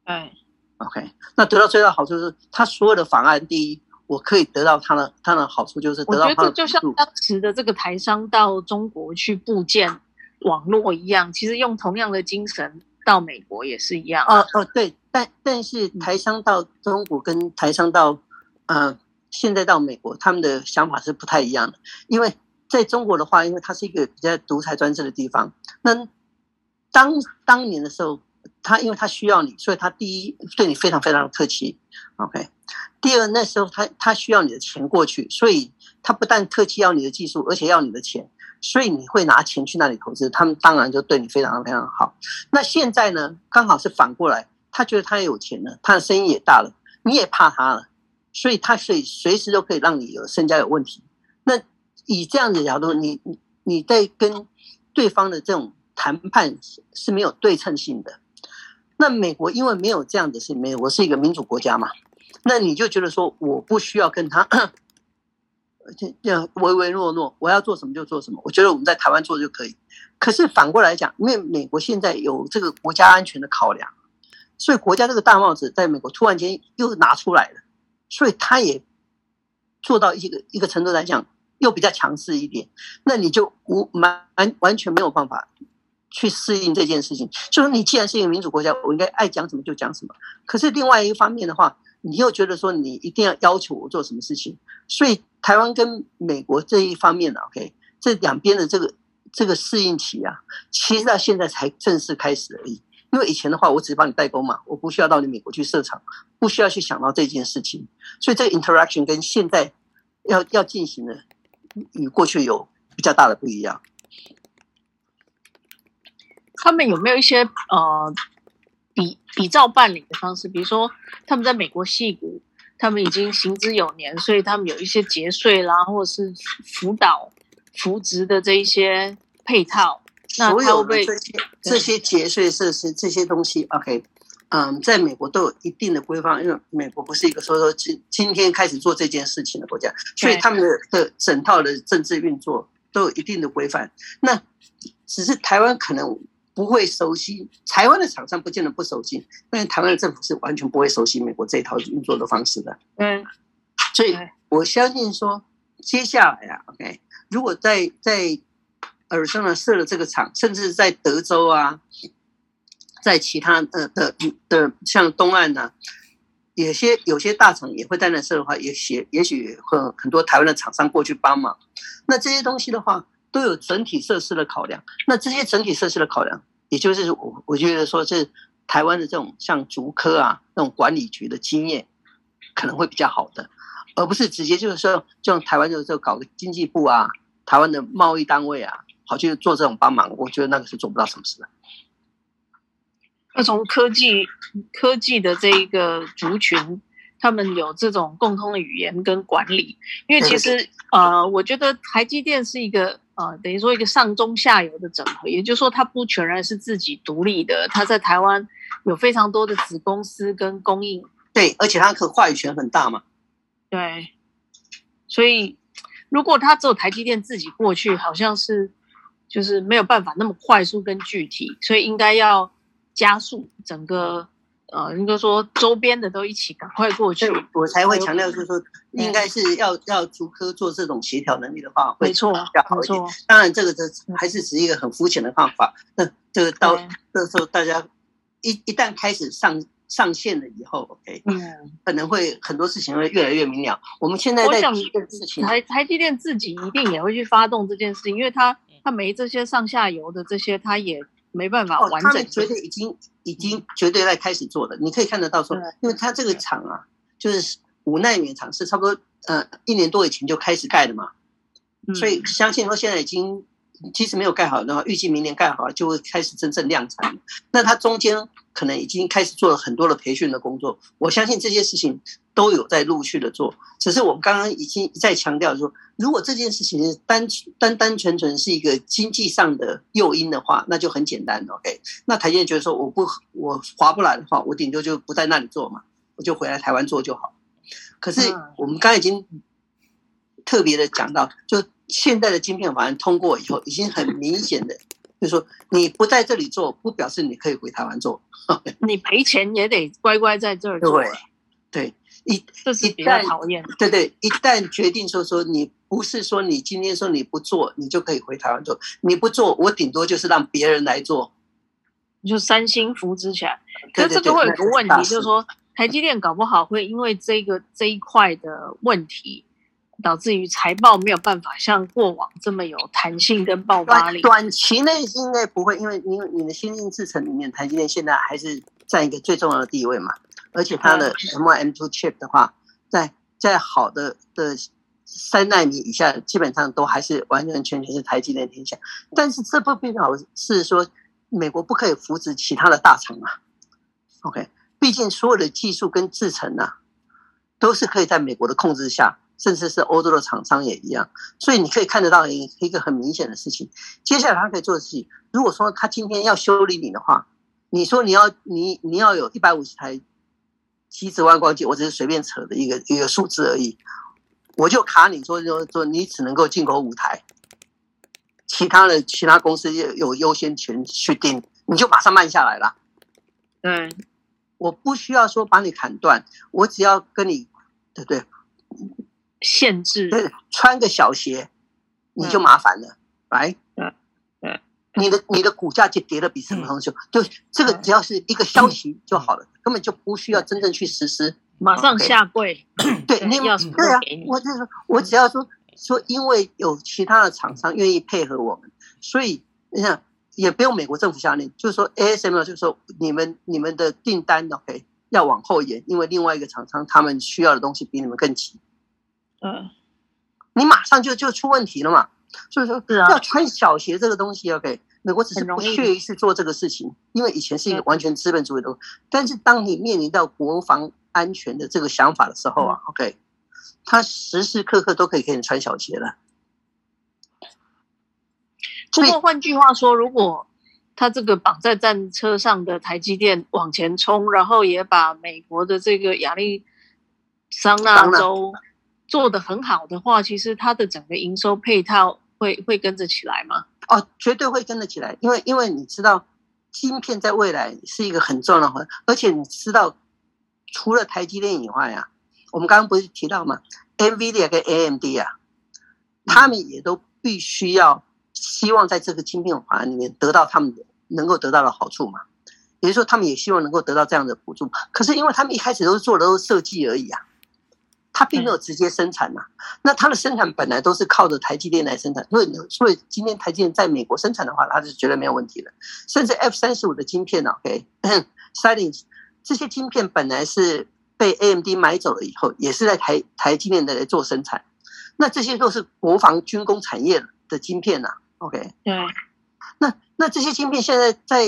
哎，OK，那得到最大好處就是他所有的法案，第一，我可以得到他的他的好處就是，我覺得這就像當時的這個台商到中國去布建網絡一樣，其實用同樣的精神到美國也是一樣的。哦，哦，對，但但是台商到中國跟台商到嗯、呃，現在到美國，他們的想法是不太一樣的。因為在中國的話，因為它是一個比較獨裁專制的地方。那當當年的時候，他因為他需要你，所以他第一對你非常非常的客氣，OK。第二，那時候他他需要你的錢過去，所以他不但客氣要你的技術，而且要你的錢，所以你會拿錢去那裡投資，他們當然就對你非常非常好。那現在呢，剛好是反過來，他覺得他也有錢了，他的聲音也大了，你也怕他了。所以他隨隨時都可以讓你有身家有問題。那以這樣子的角度，你你你在跟對方的這種談判是沒有對稱性的。那美國因為沒有這樣的事，美國是一個民主國家嘛，那你就覺得說，我不需要跟他這樣唯唯諾諾，我要做什麼就做什麼，我覺得我們在台灣做就可以。可是反過來講，因為美國現在有這個國家安全的考量，所以國家這個大帽子在美國突然間又拿出來了。所以他也做到一個一個程度來講，又比較強勢一點，那你就無蠻完全沒有辦法去適應這件事情。就是你既然是一個民主國家，我應該愛講什麼就講什麼。可是另外一方面的話，你又覺得說你一定要要求我做什麼事情。所以台灣跟美國這一方面的 OK，這兩邊的這個這個適應期啊，其實到現在才正式開始而已。因為以前的話，我只是幫你代工嘛，我不需要到你美國去設廠，不需要去想到這件事情，所以這個 interaction 跟現在要要進行的與過去有比較大的不一樣。他們有沒有一些呃比比照辦理的方式？比如說，他們在美國矽谷，他們已經行之有年，所以他們有一些節稅啦，或者是輔導、扶植的這一些配套。所有的這些這些節稅設施這些東西，OK，嗯、呃，在美國都有一定的規範，因為美國不是一個說說今今天開始做這件事情的國家，所以他們的的整套的政治運作都有一定的規範。那只是台灣可能不會熟悉，台灣的廠商不見得不熟悉，但是台灣的政府是完全不會熟悉美國這一套運作的方式的。嗯，所以我相信說，接下來啊，OK，如果在在。耳後呢，設了這個廠，甚至在德州啊，在其他的、呃、的的像東岸呢、啊，有些有些大廠也會在那設的話，也也也許會很多台灣的廠商過去幫忙。那這些東西的話，都有整體設施的考量。那這些整體設施的考量，也就是我我覺得說是台灣的這種像竹科啊那種管理局的經驗，可能會比較好的，而不是直接就是說，就台灣就就搞個經濟部啊，台灣的貿易單位啊。好去做這種幫忙，我覺得那個是做不到什麼事的。那從科技科技的這一個族群，他們有這種共通的語言跟管理，因為其實對對對，呃，我覺得台積電是一個呃，等於說一個上中下游的整合，也就是說它不全然是自己獨立的，它在台灣有非常多的子公司跟供應。對，而且它可話語權很大嘛。對，所以如果它只有台積電自己過去，好像是。就是沒有辦法那麼快速跟具體，所以應該要加速整個，呃，應該說週邊的都一起趕快過去，我才會強調，就是說、okay. 應該是要、yeah. 要，要足科做這種協調能力的話，沒錯，比較好一點。當然，這個這還是只是一個很膚淺的方法。那、嗯、這個到、yeah. 這個時候大家一一旦開始上上線了以後，OK，嗯、yeah.，可能會很多事情會越來越明了。我們現在在事情台台積電自己一定也會去發動這件事情，因為他。他沒這些上下游的這些，他也沒辦法完整、哦。他們絕對已經、已經絕對在開始做的、嗯，你可以看得到說，嗯、因為他這個廠啊，就是五奈米廠是差不多呃一年多以前就開始蓋的嘛、嗯，所以相信說現在已經其實沒有蓋好的話，預計明年蓋好就會開始真正量產。嗯、那它中間。可能已經開始做了很多的培訓的工作，我相信這些事情都有在陸續的做。只是我們剛剛已經在強調說，如果這件事情單單單純純是一個經濟上的誘因的話，那就很簡單。OK，那台積電覺得說我不我划不來的話，我頂多就不在那裡做嘛，我就回來台灣做就好。可是我們剛剛已經特別的講到，就現在的晶片法案通過以後，已經很明顯的。就是、說你不在這裡做，不表示你可以回台灣做。你賠錢也得乖乖在這兒做。對，對，一,一這是比較討厭。對,對對，一旦決定說說你不是說你今天說你不做，你就可以回台灣做。你不做，我頂多就是讓別人來做。就三星扶植起來，可是這個會有個問題，就是說是台積電搞不好會因為這個這一塊的問題。導致於財報沒有辦法像過往這麼有彈性跟爆發力。短期內應該不會，因為你你的先進製程裡面，台積電現在還是占一個最重要的地位嘛。而且它的 M1、M2 chip 的話，在在好的的三納米以下，基本上都還是完完全全是台積電天下。但是這不必要是說美國不可以扶植其他的大廠嘛、啊。OK，畢竟所有的技術跟製程呢、啊，都是可以在美國的控制下。甚至是歐洲的廠商也一樣，所以你可以看得到一個很明顯的事情。接下來他可以做的事情，如果說他今天要修理你的話，你說你要你你要有一百五十台極紫外光機，我只是隨便扯的一個一個數字而已，我就卡你說說說你只能夠進口五台，其他的其他公司有優先權去訂，你就馬上慢下來了。嗯，我不需要說把你砍斷，我只要跟你，對不對？限制對穿個小鞋，你就麻煩了，來、嗯，right? 嗯嗯，你的你的股價就跌的比什麼東西就這個只要是一個消息就好了，嗯、根本就不需要真正去實施，馬上下跪，okay? 對，對要你要什麼對啊，我就說，我只要說說，因為有其他的廠商願意配合我們，所以你想也不用美國政府下令，就是說 ASML 就是說你們你們的訂單 OK 要往後延，因為另外一個廠商他們需要的東西比你們更急。嗯，你馬上就就出問題了嘛？所以說要穿小鞋這個東西，OK，美國只是不屑於去做這個事情，因為以前是一個完全資本主義的。但是當你面臨到國防安全的這個想法的時候啊，OK，他時時刻刻都可以給你穿小鞋了。不過換句話說，如果他這個綁在戰車上的台積電往前衝，然後也把美國的這個亞利桑那州。做得很好的話，其實它的整個營收配套會會跟着起來嗎？哦，絕對會跟着起來，因為因為你知道，芯片在未來是一個很重要的環，而且你知道，除了台積電以外啊，我們剛剛不是提到嘛，NVIDIA 跟 AMD 啊，他們也都必須要希望在這個芯片環裡面得到他們能夠得到的好處嘛，也就是說，他們也希望能夠得到這樣的補助，可是因為他們一開始都是做的都是設計而已啊。它並沒有直接生產吶、啊，那它的生產本來都是靠着台積電來生產。所以所以今天台積電在美國生產的話，它是絕對沒有問題的。甚至 F 三十五的晶片哦，OK，Signing, 這些晶片本來是被 AMD 買走了以後，也是在台台積電來做生產。那這些都是國防軍工產業的晶片吶、啊、，OK。那那這些晶片現在在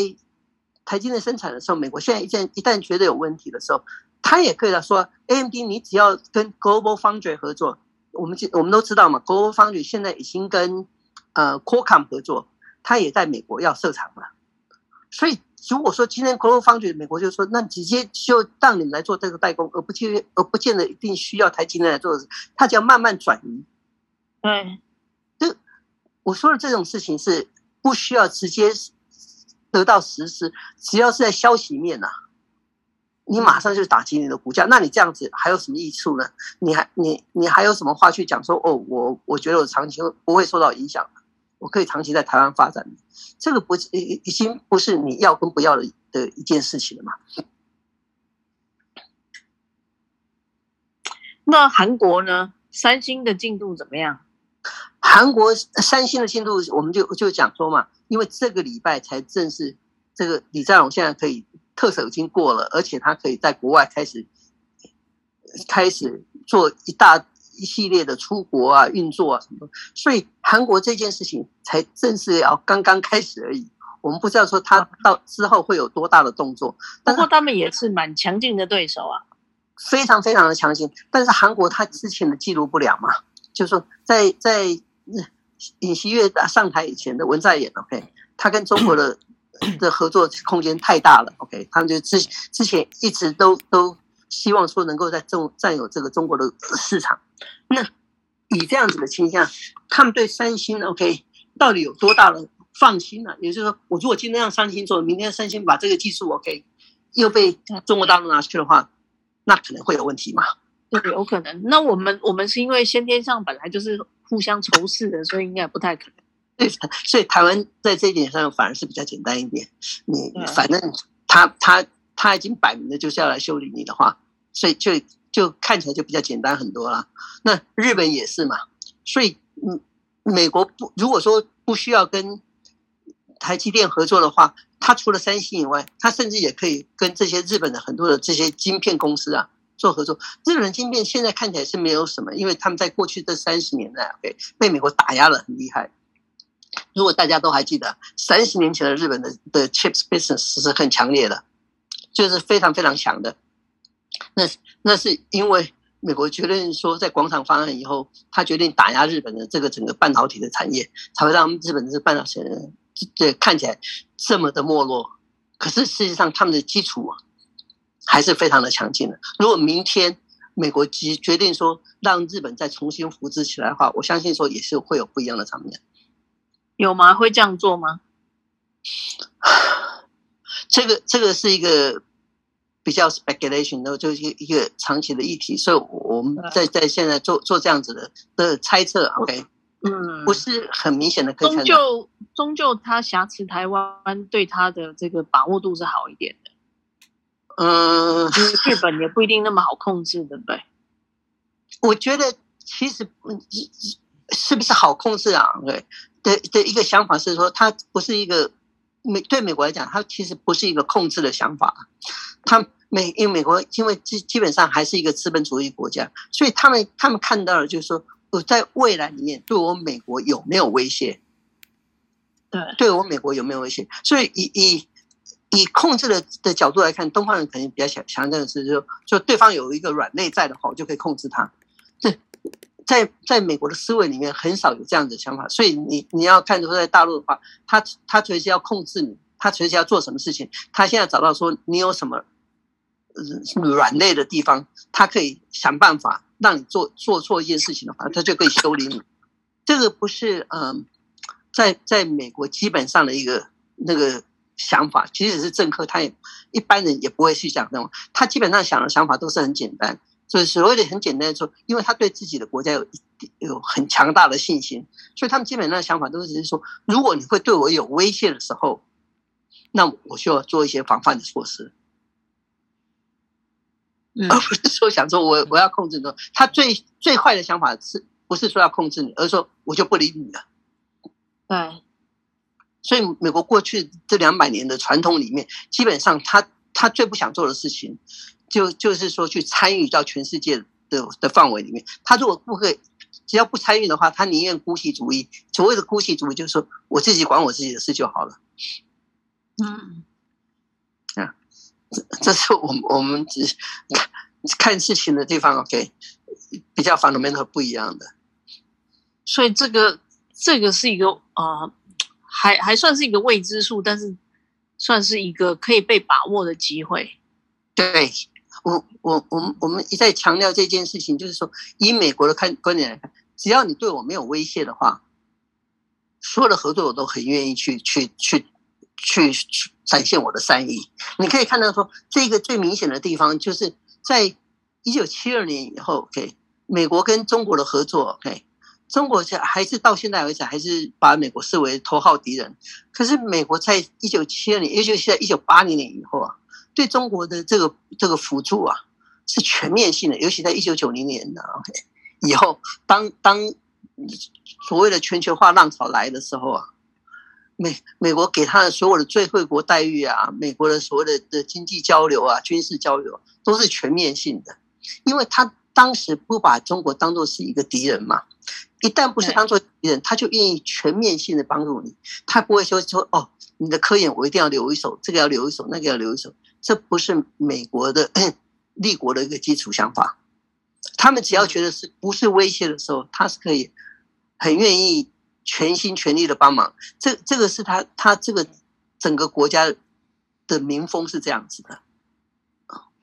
台積電生產的時候，美國現在一旦一旦覺得有問題的時候。他也可以的說，AMD 你只要跟 Global Foundry 合作，我們就我們都知道嘛，Global Foundry 現在已經跟呃 Qualcomm 合作，他也在美國要設廠了。所以如果說今天 Global Foundry 美國就是說，那直接就讓你們來做這個代工，而不去而不見得一定需要台積電來做的，他就要慢慢轉移。對、嗯，就我說的這種事情是不需要直接得到實施，只要是在消息面吶、啊。你馬上就打擊你的股價，那你這樣子還有什麼益處呢？你還你你還有什麼話去講說？哦，我我覺得我長期不會受到影響，我可以長期在台灣發展，這個不是已經不是你要跟不要的的一件事情了嘛？那韓國呢？三星的進度怎麼樣？韓國三星的進度，我們就就講說嘛，因為這個禮拜才正式，這個李在鎔現在可以。特首已經過了，而且他可以在國外開始開始做一大一系列的出國啊運作啊什麼的，所以韓國這件事情才正是要剛剛開始而已。我們不知道說他到之後會有多大的動作，不過他們也是蠻強勁的對手啊，非常非常的強勁。但是韓國他之前的記錄不了嘛，就說、是、在在尹錫悅上台以前的文在寅，OK，他跟中國的。 的合作空間太大了，OK，他們就之之前一直都都希望說能夠在中佔有這個中國的市場。那以這樣子的傾向，他們對三星 OK 到底有多大的放心呢、啊？也就是說，我如果今天讓三星做，明天三星把這個技術我給又被中國大陸拿去的話，那可能會有問題嗎？對，有可能。那我們我們是因為先天上本來就是互相仇視的，所以應該不太可能。所以，所以台灣在這一點上反而是比較簡單一點。你反正他他他已經擺明了就是要來修理你的話，所以就就看起來就比較簡單很多了。那日本也是嘛。所以，嗯，美國不，如果說不需要跟台積電合作的話，他除了三星以外，他甚至也可以跟這些日本的很多的這些晶片公司啊做合作。日本晶片現在看起來是沒有什麼，因為他們在過去這三十年內被被美國打壓了很厲害。如果大家都還記得，三十年前的日本的的 chips business 是很強烈的，就是非常非常強的。那那是因為美國決定說，在廣場方案以後，他決定打壓日本的這個整個半導體的產業，才會讓日本的半導體的這看起來這麼的沒落。可是實際上他們的基礎，啊，還是非常的強勁的。如果明天美國決決定說讓日本再重新扶植起來的話，我相信說也是會有不一樣的場面。有嗎？會這樣做嗎？這個這個是一個比較 speculation 的，就是一個長期的議題，所以我們在在現在做做這樣子的的猜測。嗯 OK，嗯，不是很明顯的可以。終究終究，他挾持台灣對他的這個把握度是好一點的。嗯，劇本也不一定那麼好控制，對不對？我覺得其實是不是好控制啊？對。的的一個想法是說，它，不是一個美對美國來講，它其實不是一個控制的想法。它美因為美國因為基基本上還是一個資本主義國家，所以他們他們看到了就是說，我在未來裡面對我美國有沒有威脅？對對我美國有沒有威脅？所以以以以控制的的角度來看，東方人肯定比較想強調的是，就就對方有一個軟肋在的話，我就可以控制他。對。在在美國的思維裡面，很少有這樣的想法，所以你你要看說，在大陸的話，他他隨時要控制你，他隨時要做什麼事情，他現在找到說你有什麼，呃軟肋的地方，他可以想辦法讓你做做錯一件事情的話，他就可以修理你。這個不是嗯、呃，在在美國基本上的一個那個想法，即使是政客，他也一般人也不會去想這種，他基本上想的想法都是很簡單。所以所謂的很簡單的說，因為他對自己的國家有有很強大的信心，所以他們基本上的想法都是：直接說，如果你會對我有威脅的時候，那我需要做一些防範的措施，嗯，而不是說想說我我要控制你。他最最壞的想法是不是說要控制你，而是說我就不理你了。對，嗯。所以美國過去這兩百年的傳統裡面，基本上他他最不想做的事情，就就是說，去參與到全世界的的，的範圍裡面。他如果不會，只要不參與的話，他寧願孤息主義。所謂的孤息主義，就是說我自己管我自己的事就好了。嗯，啊，這這是我們我們只看看事情的地方。OK，比較 fundamental 不一樣的。所以這個這個是一個啊、呃，還還算是一個未知數，但是算是一個可以被把握的機會。對。我我我們我們一再強調這件事情，就是說，以美國的看觀點來看，只要你對我沒有威脅的話，所有的合作我都很願意去去去去去展現我的善意。你可以看到說，這個最明顯的地方就是在一九七二年以後，OK，美國跟中國的合作，OK，中國是還是到現在為止還是把美國視為頭號敵人，可是美國在一九七二年，尤其是在一九八零年以後啊。對中國的這個這個輔助啊，是全面性的，尤其在一九九零年的、啊、OK 以後當，當當所謂的全球化浪潮來的時候啊，美美國給他的所有的最惠國待遇啊，美國的所謂的的經濟交流啊，軍事交流、啊、都是全面性的，因為他當時不把中國當做是一個敵人嘛，一旦不是當做敵人，他就願意全面性的幫助你，他不會說說哦，你的科研我一定要留一手，這個要留一手，那個要留一手。這不是美國的立國的一個基礎想法，他們只要覺得是不是威脅的時候，他是可以很願意全心全力的幫忙。這這個是他他這個整個國家的民風是這樣子的。